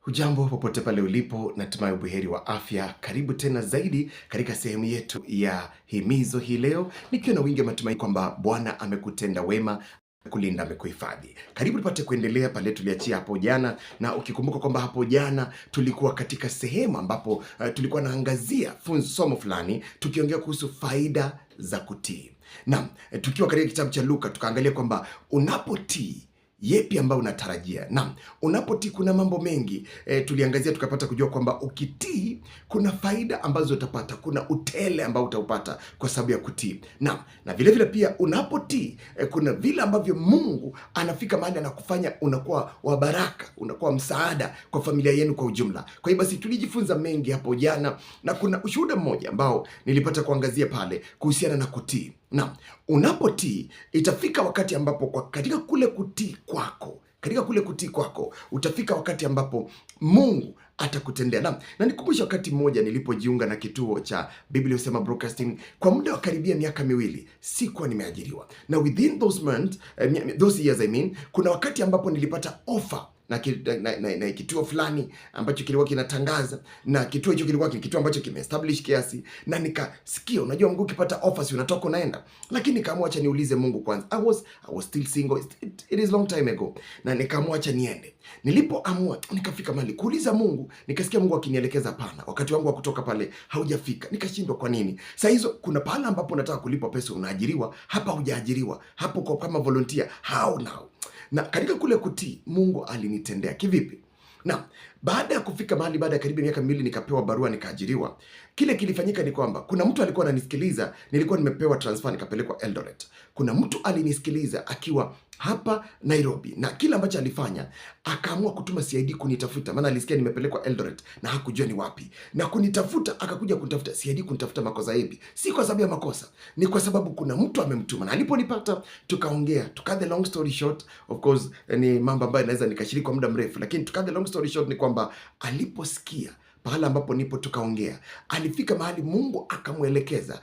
Hujambo popote pale ulipo, natumai ubuheri wa afya. Karibu tena zaidi katika sehemu yetu ya himizo hii leo, nikiwa na wingi wa matumaini kwamba Bwana amekutenda wema kulinda amekuhifadhi. Karibu tupate kuendelea pale tuliachia hapo jana, na ukikumbuka kwamba hapo jana tulikuwa katika sehemu ambapo uh, tulikuwa naangazia funzo somo fulani tukiongea kuhusu faida za kutii. Naam, eh, tukiwa katika kitabu cha Luka tukaangalia kwamba unapotii yepi ambayo unatarajia? Naam, unapotii kuna mambo mengi e, tuliangazia tukapata kujua kwamba ukitii kuna faida ambazo utapata, kuna utele ambao utaupata kwa sababu ya kutii. Naam, na vile vile pia unapotii e, kuna vile ambavyo Mungu anafika mahali anakufanya unakuwa wa baraka, unakuwa msaada kwa familia yenu kwa ujumla. Kwa hiyo basi tulijifunza mengi hapo jana, na kuna ushuhuda mmoja ambao nilipata kuangazia pale kuhusiana na kutii na unapotii itafika wakati ambapo kwa katika kule kutii kwako katika kule kutii kwako utafika wakati ambapo Mungu atakutendea. Na, na nikumbusha wakati mmoja nilipojiunga na kituo cha Biblia Broadcasting kwa muda wa karibia miaka miwili, sikuwa nimeajiriwa na within those months, uh, those years I mean, kuna wakati ambapo nilipata offer na, na, na, na na kituo fulani ambacho kilikuwa kinatangaza, na kituo hicho kilikuwa kituo ambacho kimeestablish kiasi, na nikasikia, unajua Mungu ukipata offers unatoka unaenda, lakini nikaamua acha niulize Mungu kwanza. I was I was still single, it, it is long time ago, na nikaamua acha niende. Nilipoamua nikafika mahali kuuliza Mungu, nikasikia Mungu akinielekeza pana, wakati wangu wa kutoka pale haujafika. Nikashindwa kwa nini? Saa hizo kuna pahala ambapo unataka kulipwa pesa, unaajiriwa hapa, hujaajiriwa hapo, kwa kama volunteer how now na katika kule kutii Mungu alinitendea kivipi? Na baada ya kufika mahali, baada ya karibu miaka miwili, nikapewa barua, nikaajiriwa. Kile kilifanyika ni kwamba kuna mtu alikuwa ananisikiliza, nilikuwa nimepewa transfer, nikapelekwa Eldoret. Kuna mtu alinisikiliza akiwa hapa Nairobi, na kile ambacho alifanya akaamua kutuma CID kunitafuta, maana alisikia nimepelekwa Eldoret na hakujua ni wapi, na kunitafuta, akakuja kunitafuta CID, kunitafuta makosa yapi? Si kwa sababu ya makosa, ni kwa sababu kuna mtu amemtuma, na aliponipata tukaongea, tuka the long story short, of course eh, ni mambo ambayo naweza nikashiriki kwa muda mrefu, lakini tuka the long story short ni kwamba aliposikia pahala ambapo nipo tukaongea, alifika mahali Mungu akamwelekeza,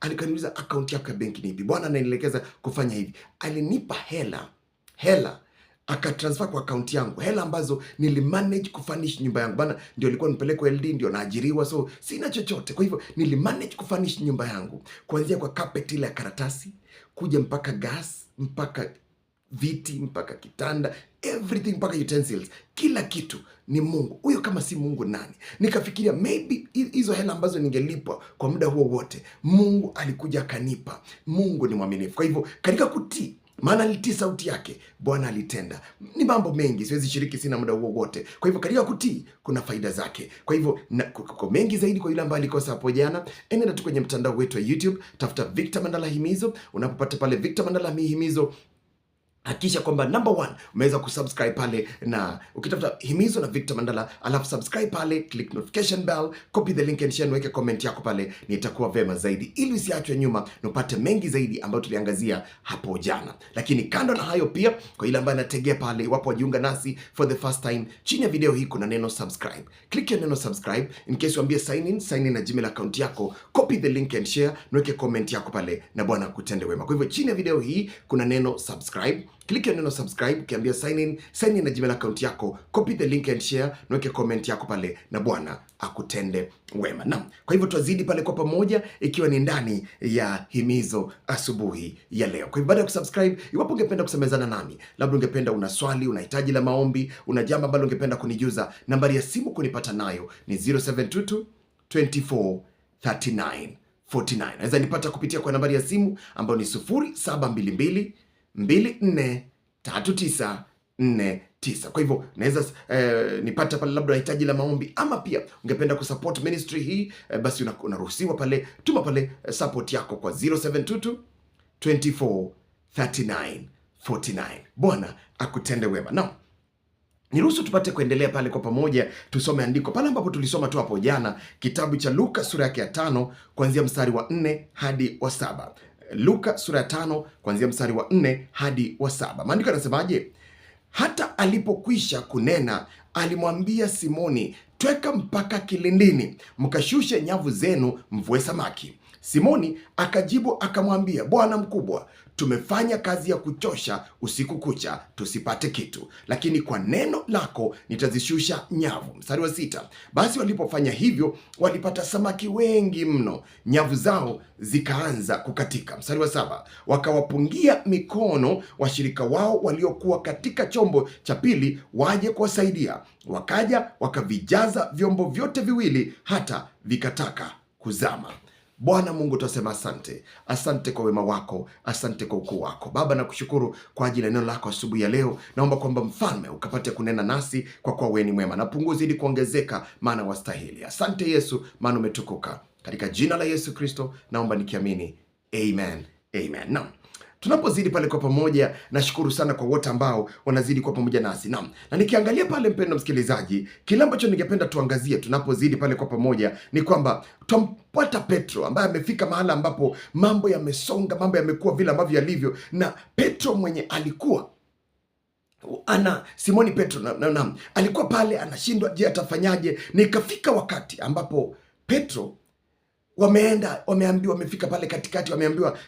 alikaniuliza akaunti yako ya benki ni ipi? Bwana ananielekeza kufanya hivi, alinipa hela hela akatransfer kwa akaunti yangu hela ambazo nilimanage kufurnish nyumba yangu. Bana, ndio ilikuwa nipelekwa LD, ndio naajiriwa, so sina chochote. Kwa hivyo nilimanage kufurnish nyumba yangu kuanzia kwa carpet ile ya karatasi kuja mpaka gas mpaka viti mpaka kitanda everything mpaka utensils, kila kitu ni Mungu. Huyo kama si Mungu nani? Nikafikiria maybe hizo hela ambazo ningelipwa kwa muda huo wote, Mungu alikuja akanipa. Mungu ni mwaminifu. Kwa hivyo katika kutii maana alitii sauti yake, Bwana alitenda. Ni mambo mengi, siwezi shiriki, sina muda huo wote. Kwa hivyo katika kutii kuna faida zake. Kwa hivyo kwa mengi zaidi, kwa yule ambaye alikosa hapo jana, enenda tu kwenye mtandao wetu wa YouTube, tafuta Victor Mandala Himizo. Unapopata pale Victor Mandala Himizo, hakikisha kwamba number one umeweza kusubscribe pale, na ukitafuta Himizo na Victor Mandala alafu subscribe pale, click notification bell, copy the link and share, niweke comment yako pale, ni itakuwa vema zaidi, ili usiachwe nyuma na upate mengi zaidi ambayo tuliangazia hapo jana. Lakini kando na hayo, pia kwa ile ambayo anategea pale, wapo wajiunga nasi for the first time, chini ya video hii kuna neno subscribe, click ya neno subscribe in case uambie sign in, sign in na Gmail account yako, copy the link and share, niweke comment yako pale, na Bwana kutende wema. Kwa hivyo chini ya video hii kuna neno subscribe Click neno subscribe, ukiambia sign in, sign in na Gmail account yako, copy the link and share, na weke comment yako pale, na Bwana akutende wema. na kwa hivyo tuazidi pale kwa pamoja, ikiwa ni ndani ya himizo asubuhi ya leo. Kwa hivyo baada ya kusubscribe, iwapo ungependa kusemezana nami, labda ungependa una swali, una hitaji la maombi, una jambo ambalo ungependa kunijuza, nambari ya simu kunipata nayo ni 0722 24 39 49. Naweza nipata kupitia kwa nambari ya simu ambayo ni 0722 tisa Kwa hivyo naweza eh, nipata pale labda hitaji la maombi, ama pia ungependa kusupport ministry hii eh, basi unaruhusiwa pale, tuma pale eh, support yako kwa 0722 24 Bwana akutende wema. Now, niruhusu tupate kuendelea pale kwa pamoja, tusome andiko pale ambapo tulisoma tu hapo jana, kitabu cha Luka sura yake ya tano kuanzia mstari wa 4 hadi wa saba. Luka sura ya tano kuanzia mstari wa nne hadi wa saba. Maandiko yanasemaje? Hata alipokwisha kunena, alimwambia Simoni, tweka mpaka kilindini, mkashushe nyavu zenu mvue samaki. Simoni akajibu akamwambia, Bwana mkubwa, tumefanya kazi ya kuchosha usiku kucha tusipate kitu, lakini kwa neno lako nitazishusha nyavu. Mstari wa sita, basi walipofanya hivyo walipata samaki wengi mno, nyavu zao zikaanza kukatika. Mstari wa saba, wakawapungia mikono washirika wao waliokuwa katika chombo cha pili waje kuwasaidia, wakaja wakavijaza vyombo vyote viwili hata vikataka kuzama. Bwana Mungu, tunasema asante, asante kwa wema wako, asante kwa ukuu wako. Baba, nakushukuru kwa ajili ya neno lako asubuhi ya leo. Naomba kwamba mfalme ukapate kunena nasi kwa kuwa wewe ni mwema, na ili kuongezeka, maana wastahili. Asante Yesu, maana umetukuka. Katika jina la Yesu Kristo naomba nikiamini, amen, amen. Naam tunapozidi pale kwa pamoja. Nashukuru sana kwa wote ambao wanazidi kwa pamoja nasi nam Na nikiangalia pale, mpendo msikilizaji, kile ambacho ningependa tuangazie tunapozidi pale kwa pamoja ni kwamba twampata Petro ambaye amefika mahala ambapo mambo yamesonga, mambo yamekuwa vile ambavyo yalivyo, na Petro mwenye alikuwa ana Simoni Petro na, na, na, alikuwa pale anashindwa, je, atafanyaje? Nikafika wakati ambapo Petro wameenda wameambiwa, wamefika pale katikati, wameambiwa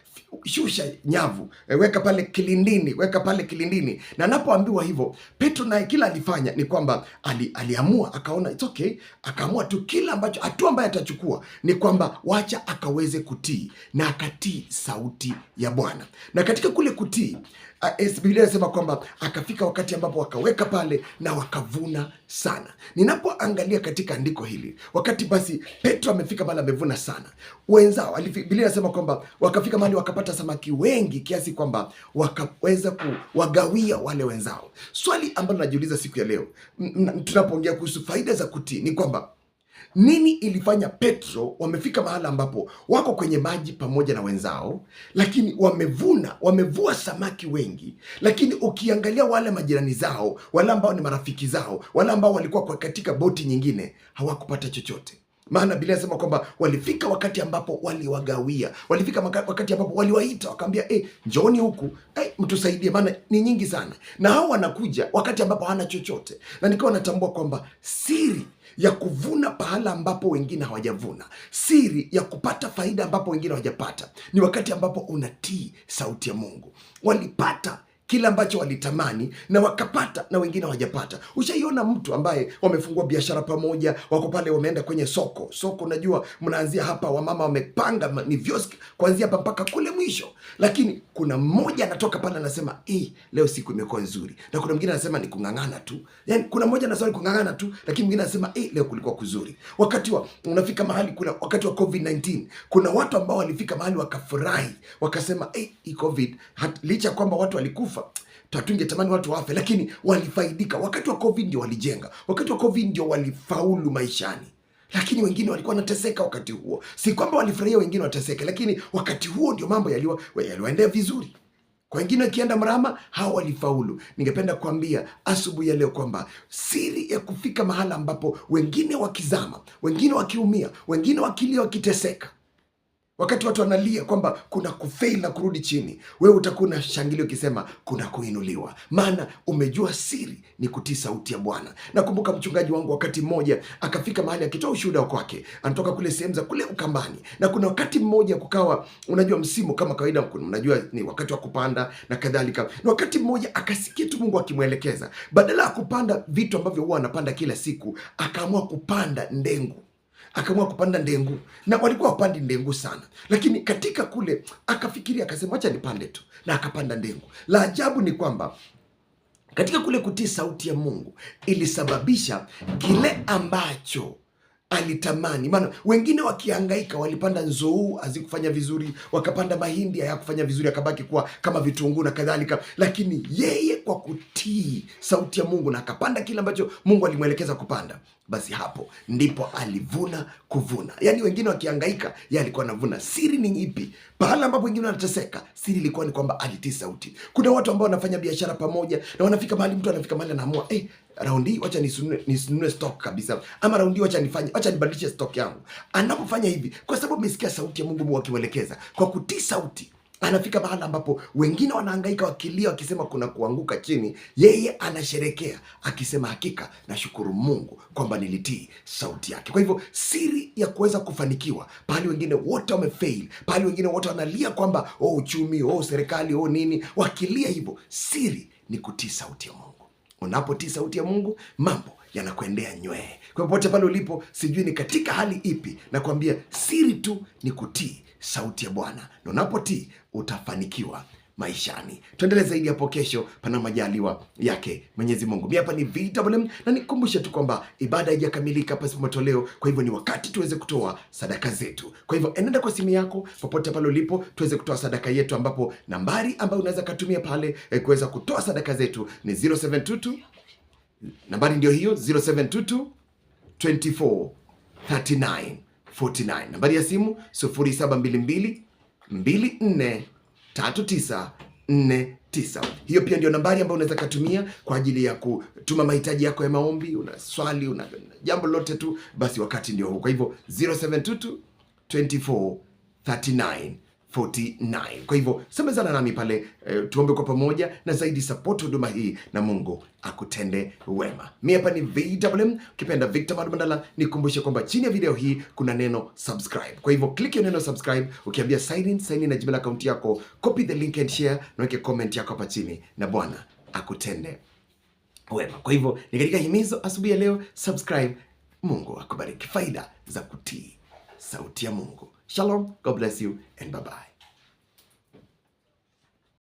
shusha nyavu, eh, weka pale kilindini, weka pale kilindini. Na anapoambiwa hivyo, Petro naye kila alifanya ni kwamba ali, aliamua akaona it's okay, akaamua tu kila ambacho hatua ambayo atachukua ni kwamba wacha akaweze kutii, na akatii sauti ya Bwana. Na katika kule kutii ah, eh, Biblia inasema kwamba akafika wakati ambapo wakaweka pale na wakavuna sana. Ninapoangalia katika andiko hili, wakati basi Petro amefika pale amevuna sana sana wenzao. Biblia inasema kwamba wakafika mahali wakapata samaki wengi kiasi kwamba wakaweza kuwagawia wale wenzao. Swali ambalo najiuliza siku ya leo tunapoongea kuhusu faida za kutii ni kwamba nini ilifanya Petro wamefika mahala ambapo wako kwenye maji pamoja na wenzao, lakini wamevuna wamevua samaki wengi, lakini ukiangalia wale majirani zao, wale ambao ni marafiki zao, wale ambao walikuwa katika boti nyingine hawakupata chochote. Maana Biblia inasema kwamba walifika wakati ambapo waliwagawia, walifika wakati ambapo waliwaita wakaambia, eh, njooni huku eh, mtusaidie, maana ni nyingi sana, na hao wanakuja wakati ambapo hana chochote, na nikiwa natambua kwamba siri ya kuvuna pahala ambapo wengine hawajavuna, siri ya kupata faida ambapo wengine hawajapata, ni wakati ambapo unatii sauti ya Mungu. Walipata kile ambacho walitamani na wakapata, na wengine hawajapata. Ushaiona mtu ambaye wamefungua biashara pamoja, wako pale, wameenda kwenye soko soko, najua mnaanzia hapa, wamama wamepanga ni vioski kuanzia hapa mpaka kule mwisho, lakini kuna mmoja anatoka pale anasema eh, leo siku imekuwa nzuri, na kuna mwingine anasema ni kung'ang'ana tu. Yani kuna mmoja anasema ni kung'ang'ana tu, lakini mwingine anasema eh, leo kulikuwa kuzuri. Wakati wa unafika mahali kuna wakati wa COVID-19 kuna watu ambao walifika mahali wakafurahi, wakasema eh, hii COVID licha kwamba watu walikufa kufa watu wafe, lakini walifaidika. Wakati wa COVID ndio walijenga, wakati wa COVID ndio walifaulu maishani, lakini wengine walikuwa wanateseka wakati huo. Si kwamba walifurahia wengine wateseke, lakini wakati huo ndio mambo yaliwaendea vizuri. Kwa wengine wakienda mrama, hawa walifaulu. Ningependa kuambia asubuhi ya leo kwamba siri ya kufika mahala ambapo wengine wakizama, wengine wakiumia, wengine wakilia, wakiteseka Wakati watu wanalia kwamba kuna kufail na kurudi chini, wewe utakuwa na shangilio ukisema kuna kuinuliwa, maana umejua siri ni kutii sauti ya Bwana. Nakumbuka mchungaji wangu wakati mmoja akafika mahali akitoa ushuhuda kwake, anatoka kule sehemu za kule Ukambani, na kuna wakati mmoja kukawa, unajua msimu kama kawaida, unajua ni wakati wa kupanda na kadhalika, na wakati mmoja akasikia tu Mungu akimwelekeza, badala ya kupanda vitu ambavyo huwa anapanda kila siku, akaamua kupanda ndengu akaamua kupanda ndengu, na walikuwa wapandi ndengu sana, lakini katika kule akafikiria akasema, acha nipande tu, na akapanda ndengu. La ajabu ni kwamba katika kule kutii sauti ya Mungu ilisababisha kile ambacho alitamani. Maana wengine wakihangaika walipanda nzou azikufanya vizuri, wakapanda mahindi hayakufanya vizuri, akabaki kuwa kama vitunguu na kadhalika. Lakini yeye kwa kutii sauti ya Mungu na akapanda kile ambacho Mungu alimwelekeza kupanda, basi hapo ndipo alivuna kuvuna. Yaani wengine wakihangaika, ye alikuwa anavuna. Siri ni ipi? Pahala ambapo wengine wanateseka, siri ilikuwa ni kwamba alitii sauti. Kuna watu ambao wanafanya biashara pamoja na wanafika mahali, mtu anafika mahali anaamua eh, raundi hii wacha nisunue, nisunue stock kabisa, ama raundi wacha nifanye, wacha nibadilishe stock yangu. Anapofanya hivi, kwa sababu amesikia sauti ya Mungu akimuelekeza kwa kutii sauti, anafika mahali ambapo wengine wanahangaika wakilia, wakisema kuna kuanguka chini, yeye anasherekea akisema, hakika nashukuru Mungu kwamba nilitii sauti yake. Kwa hivyo siri ya kuweza kufanikiwa pale wengine wote wamefail, pale wengine wote wanalia kwamba oh, uchumi oh, serikali oh, nini, wakilia hivyo, siri ni kutii sauti ya Mungu. Unapotii sauti ya Mungu, mambo yanakuendea nywee. Kwa popote pale ulipo, sijui ni katika hali ipi, na kuambia siri tu ni kutii sauti ya Bwana, na unapotii utafanikiwa maishani. Tuendelee zaidi hapo kesho, pana majaliwa yake Mwenyezi Mungu. Mi hapa ni VMM na nikumbushe tu kwamba ibada haijakamilika pasipo matoleo, kwa hivyo ni wakati tuweze kutoa sadaka zetu. Kwa hivyo enenda kwa simu yako popote pale ulipo, tuweze kutoa sadaka yetu, ambapo nambari ambayo unaweza katumia pale eh, kuweza kutoa sadaka zetu ni 0722 nambari ndio hiyo 0722 24 39 49, nambari ya simu 0722 24 3949. Hiyo pia ndio nambari ambayo unaweza katumia kwa ajili ya kutuma mahitaji yako ya maombi. Una swali, una jambo lolote tu, basi wakati ndio huu. Kwa hivyo 0722 24 39 49. Kwa hivyo semezana nami pale eh, tuombe kwa pamoja na zaidi sapoti huduma hii na Mungu akutende wema. Mi hapa ni VMM, ukipenda Victor Mandala, nikumbushe kwamba chini ya video hii kuna neno subscribe. Kwa hivyo click neno subscribe, ukiambia sign in, sign in na Gmail account yako, copy the link and share, na weke comment yako hapa chini, na Bwana akutende wema. Kwa hivyo ni katika himizo asubuhi ya leo, subscribe. Mungu akubariki. Faida za kutii sauti ya Mungu. Shalom. God bless you and bye bye.